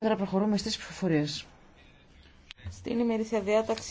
Τώρα προχωρούμε στις ψηφοφορίες. Στην ημερήσια διάταξη